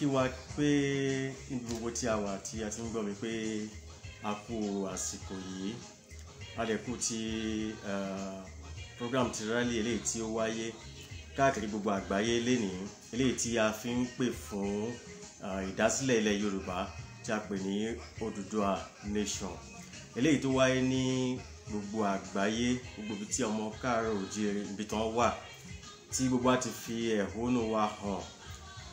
kí wa pé níbi gbogbo tí a wà tí a ti ń gbọ́ mi pé a kú àsìkò yìí a lè kú ti program ti rally eléyìí tí ó wáyé káàkiri gbogbo àgbáyé lénìí eléyìí tí a fi ń pè fún ìdásílẹ̀ ilẹ̀ Yorùbá tí a pè ní Odùduwà nation eléyìí tó wáyé ní gbogbo àgbáyé gbogbo ibi tí ọmọ káàárọ̀ oòjíire ibi tán wà tí gbogbo a ti fi ẹ̀hónú wa hàn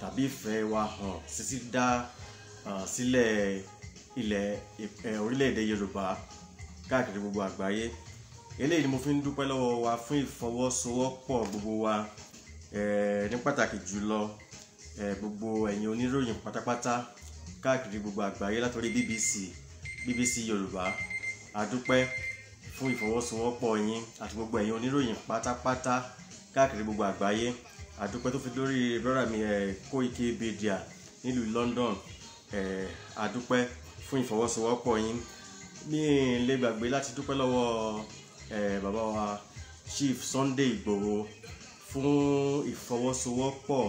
tàbí ìfẹ́ wa hàn títí dá sílẹ̀ ilẹ̀ orílẹ̀-èdè Yorùbá káàkiri gbogbo àgbáyé eléyìí ni mo fi ń dúpẹ́ lọ́wọ́ wa fún ìfọwọ́sowọ́pọ̀ gbogbo wa ní pàtàkì jùlọ gbogbo ẹ̀yin oníròyìn pátápátá káàkiri gbogbo àgbáyé látọ̀rí BBC BBC Yorùbá adúpẹ́ fún ìfọwọ́sowọ́pọ̀ yín àti gbogbo ẹ̀yin oníròyìn pátápátá káàkiri gbogbo àgbáyé àdúpẹ́ tó fi lórí brọ́dà mi eh, Koiki Media nílùú London eh, àdúpẹ́ fún ìfọwọ́sowọ́pọ̀ yín mi lè gbàgbé láti dúpẹ́ lọ́wọ́ eh, bàbá wa Chief Sunday Igboho fún ìfọwọ́sowọ́pọ̀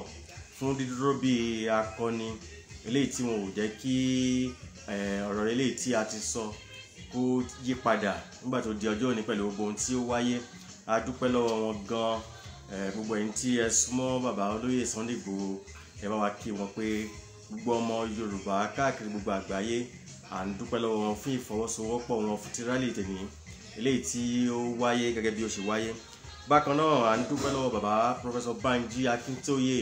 fún dídúró bí akọni eléyìí tí wọn ò jẹ́ kí ọ̀rọ̀ eléyìí tí a ti sọ kó yí padà nígbà tó di ọjọ́ òní pẹ̀lú gbogbo ohun tí ó wáyé a lọ́wọ́ wọn gan-an Eh, gbogbo ẹ̀yin tí ẹ súnmọ́ bàbá olóyè Sunday Igboho ẹ bá wa kí wọn pé gbogbo ọmọ Yorùbá káàkiri gbogbo àgbáyé à ń dúpẹ́ lọ́wọ́ wọn fún ìfọwọ́sowọ́pọ̀ wọn fún ti rálì tèmi eléyìí tí ó wáyé gẹ́gẹ́ bí ó ṣe wáyé bákan náà à ń dúpẹ́ lọ́wọ́ bàbá Professor Banji Akintoye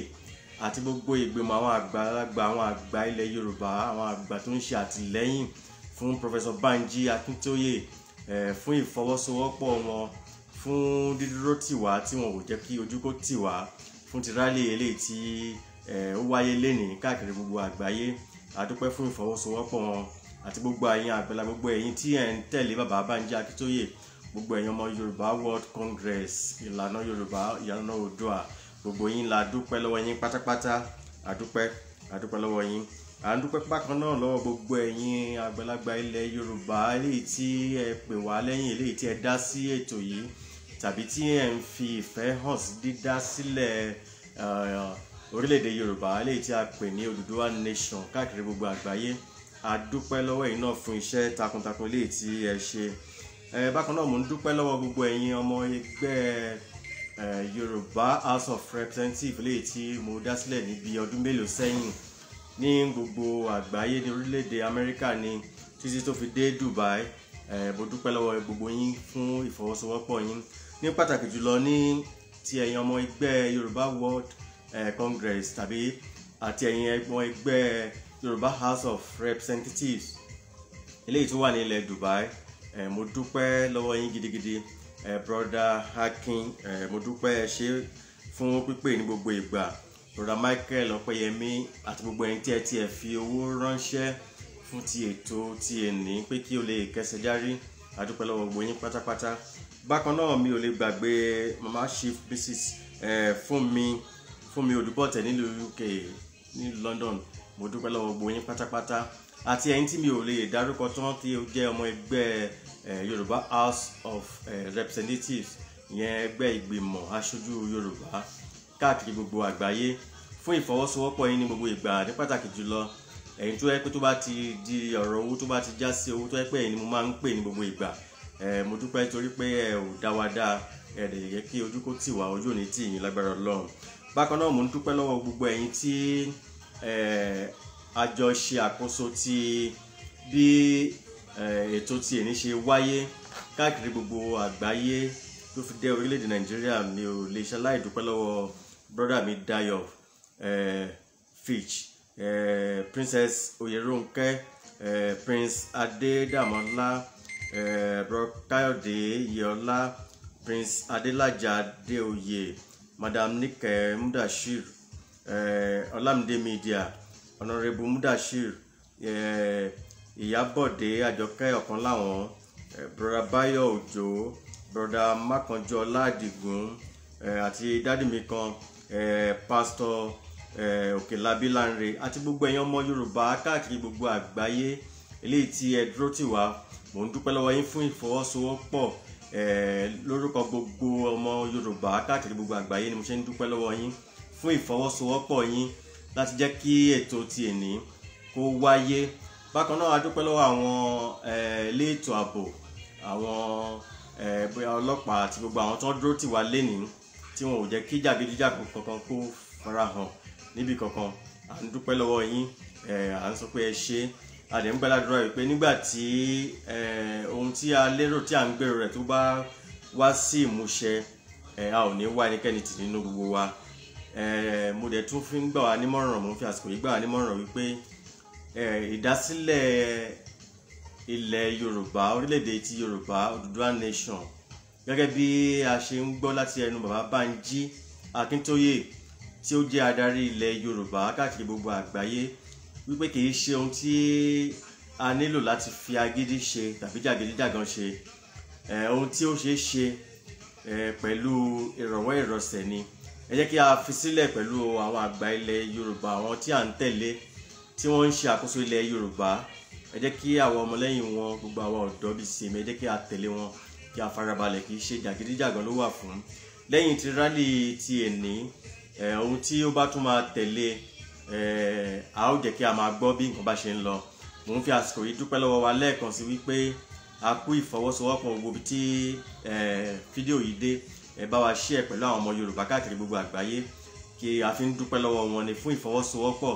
àti gbogbo ìgbìmọ̀ àwọn àgbàlagbà àwọn àgbà ilẹ̀ Yorùbá àwọn àgbà tó ń ṣe àtìlẹ́yìn fún Professor Banji Akintoye eh, fún ìfọwọ́sowọ́pọ̀ wọn fún dídúró tì wá tí wọn ò jẹ́ kí ojú kó tì wá fún ti rálì eléyìí tí ó wáyé lénìí káàkiri gbogbo àgbáyé àdúpẹ́ fún ìfọwọ́sowọ́pọ̀ wọn àti gbogbo ẹ̀yin àgbẹ̀lá gbogbo ẹ̀yin tí ẹ̀ ń tẹ̀lé bàbá Bánjí Akíntóyè gbogbo ẹ̀yin ọmọ Yorùbá World Congress ìlànà Yorùbá ìyànà Oòduà gbogbo yín la dúpẹ́ lọ́wọ́ yín pátápátá àdúpẹ́ àdúpẹ́ lọ́wọ́ yín à ń dúpẹ́ bákan náà lọ́wọ́ gbogbo ẹ̀yin àgbàlagbà ilẹ̀ Yorùbá eléyìí tí ẹ pè wá lẹ́yìn eléyìí tí ẹ dá sí ètò yìí tàbí tí ẹ̀ ń fi ìfẹ́ hàn sí dídá sílẹ̀ orílẹ̀-èdè Yorùbá léyìí tí a pè ní Odùduwà nation káàkiri gbogbo àgbáyé a dúpẹ́ lọ́wọ́ yìí náà fún iṣẹ́ takuntakun léyìí tí ẹ ṣe bákan náà mò ń dúpẹ́ lọ́wọ́ gbogbo ẹ̀yin ọmọ ẹgbẹ́ Yorùbá House of Representatives léyìí tí mo dá sílẹ̀ níbi ọdún mélòó sẹ́yìn ní gbogbo àgbáyé ní orílẹ̀-èdè Amẹ́ríkà ni títí tó fi dé Dubai mo dúpẹ́ lọ́wọ́ gbogbo yín fún ìfọwọ́sowọ́pọ̀ yín ní pàtàkì jùlọ ní ti ẹ̀yin ọmọ ẹgbẹ́ Yorùbá World eh, Congress tàbí àti ẹ̀yin ọmọ ẹgbẹ́ Yorùbá House of Representatives eléyìí tó wà ní ilẹ̀ Dubai eh, mo dúpẹ́ lọ́wọ́ yín gidigidi eh, broda Hakeem eh, mo dúpẹ́ ṣe fún pípè ní gbogbo ìgbà broda Michael Ọpẹ́yẹmí àti gbogbo ẹ̀yin tí ẹ ti ẹ fi owó ránṣẹ́ fún ti ètò ti èní pé kí o lè kẹsẹ̀ járí a dúpẹ́ lọ́wọ́ gbogbo yín pátápátá bákan náà mi ò lè gbàgbé mama chief mrs fún mi fún mi olùbọ̀tẹ̀ nílùú uk ní london mo dúpẹ́ lọ́wọ́ gbogbo yín pátápátá àti ẹ̀yin tí mi ò lè dárúkọ tán tí ó jẹ́ ọmọ ẹgbẹ́ yorùbá house of representatives ìyẹn ẹgbẹ́ ìgbìmọ̀ aṣojú yorùbá káàkiri gbogbo àgbáyé fún ìfọwọ́sowọ́pọ̀ yín ní gbogbo ìgbà ní pàtàkì jùlọ ẹ̀yin tó yẹ pé tó bá ti di ọ̀rọ̀ owó tó bá ti já sí owó tó yẹ pé ẹ̀yin ni mo máa ń pè ní gbogbo ìgbà mo dúpẹ́ torí pé ẹ ò dá wa dá ẹ lè yẹ kí ojú kó tì wá ojú òní tì yín lágbára ọlọ́run bákan náà mo ń dúpẹ́ lọ́wọ́ gbogbo ẹ̀yin tí a jọ ṣe àkóso ti bí ètò ti èní ṣe wáyé káàkiri gbogbo àgbáyé tó fi dé orílẹ̀-èdè nàìjíríà mi ò lè ṣaláì dúpẹ́ lọ́wọ́ brọ́dà mi Dayo Fitch princess Oyeronke, prince Adédàmọ́lá bro káyọ̀dé yọlá prince adélájà adéoyè madam nike mudashir ọlámídé media ọ̀nàrẹ́bù mudashir ìyábọ̀dé àjọkẹ́ ọ̀kan láwọn broda báyọ̀ òjò broda mákànjọ ládìgún àti dádì mi kan pásítọ̀ òkèlábí lánre àti gbogbo ẹ̀yàn ọmọ yorùbá káàkiri gbogbo àgbáyé eléyìí tí ẹ dúró tì wá mò ń dúpẹ́ lọ́wọ́ yín fún ìfọwọ́sowọ́pọ̀ lórúkọ gbogbo ọmọ Yorùbá káàkiri gbogbo àgbáyé ni mo ṣe ń dúpẹ́ lọ́wọ́ yín fún ìfọwọ́sowọ́pọ̀ yín láti jẹ́ kí ètò ti èní kó wáyé bákan náà a dúpẹ́ lọ́wọ́ àwọn ilé ètò ààbò àwọn bóyá ọlọ́pàá àti gbogbo àwọn tó ń dúró tì wá lénìí tí wọn ò jẹ́ kí jàgídíjàgùn kankan kó farahàn àdẹ̀ǹgbàládùra wípé nígbà tí ohun tí a lérò tí à ń gbèrò rẹ̀ tó bá wá sí ìmúṣẹ a ò ní wá ẹnikẹ́ni tì nínú gbogbo wa mo dẹ̀ tún fi ń gbà wá nímọ̀ràn mo ń fi àsìkò yìí gbà wá nímọ̀ràn wípé ìdásílẹ̀ ilẹ̀ Yorùbá orílẹ̀-èdè ti Yorùbá Odùduwà nation gẹ́gẹ́ bí a ṣe ń gbọ́ láti ẹnu bàbá Bánjí Akíntóyè tí ó jẹ́ adarí ilẹ̀ Yorùbá káàkiri gbogbo àgbáyé wípé kì í ṣe ohun tí a nílò láti fi agídí ṣe tàbí jàgídíjàgan ṣe ohun tí ó ṣeé ṣe pẹ̀lú ìrànwọ́ ìrọ̀sẹ̀ ni ẹ jẹ́ kí a fi sílẹ̀ pẹ̀lú àwọn àgbà ilẹ̀ Yorùbá àwọn tí à ń tẹ̀lé tí wọ́n ń ṣe àkóso ilẹ̀ Yorùbá ẹ jẹ́ kí àwọn ọmọlẹ́yìn wọn gbogbo àwọn ọ̀dọ́ bíi sèmi ẹ jẹ́ kí a tẹ̀lé wọn kí a farabalẹ̀ kì í ṣe jàgídíjàgan ló wà fún lẹ́yìn tí rálì ti èní ohun tí ó bá tún máa tẹ̀lé Eh, a ó jẹ́ kí a máa gbọ́ bí nǹkan bá ṣe ń lọ mò ń fi àsìkò yìí dúpẹ́ lọ́wọ́ wa lẹ́ẹ̀kan sí wípé a kú ìfọwọ́sowọ́pọ̀ gbogbo ibi tí eh, fídíò yìí dé ẹ bá wa ṣí ẹ pẹ̀lú àwọn ọmọ Yorùbá káàkiri gbogbo àgbáyé kí a fi ń dúpẹ́ lọ́wọ́ wọn ni fún ìfọwọ́sowọ́pọ̀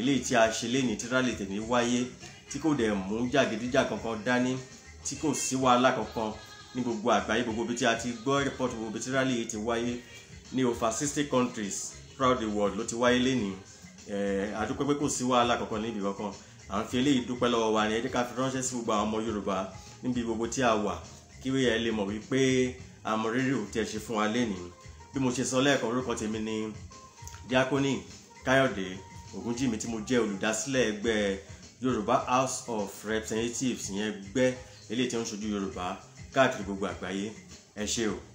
eléyìí tí a ṣe léni tí rálì tèmi wáyé tí kò dẹ̀ mú jàgídíjà kankan dání tí kò sí wàhálà kankan ní gbogbo àgbáyé gbogbo ibi tí a ti gbọ́ rìpọ́tù gbogbo ibi tí rálì yìí ti wáyé ní over sixty countries throughout the world ló ti wáyé lénìí àdúpẹ́ pé kò sí wàhálà kankan níbi kankan à ń fi eléyìí dúpẹ́ lọ́wọ́ wa ni ẹ jẹ́ ká fi ránṣẹ́ sí gbogbo àwọn ọmọ Yorùbá níbi gbogbo tí a wà kí ẹ lè mọ̀ wípé àmọ̀rírì ò tiẹ̀ ṣe fún wa lénìí bí mo ṣe sọ lẹ́ẹ̀kan orúkọ tèmi ni Diakoni Káyọ̀dé Ògúnjìmí tí mo jẹ́ olùdásílẹ̀ ẹgbẹ́ Yorùbá House of Representatives ìyẹn ẹgbẹ́ eléyìí tí ó ń ṣojú Yorùbá káàkiri gbogbo àgbáyé ẹ ṣé o.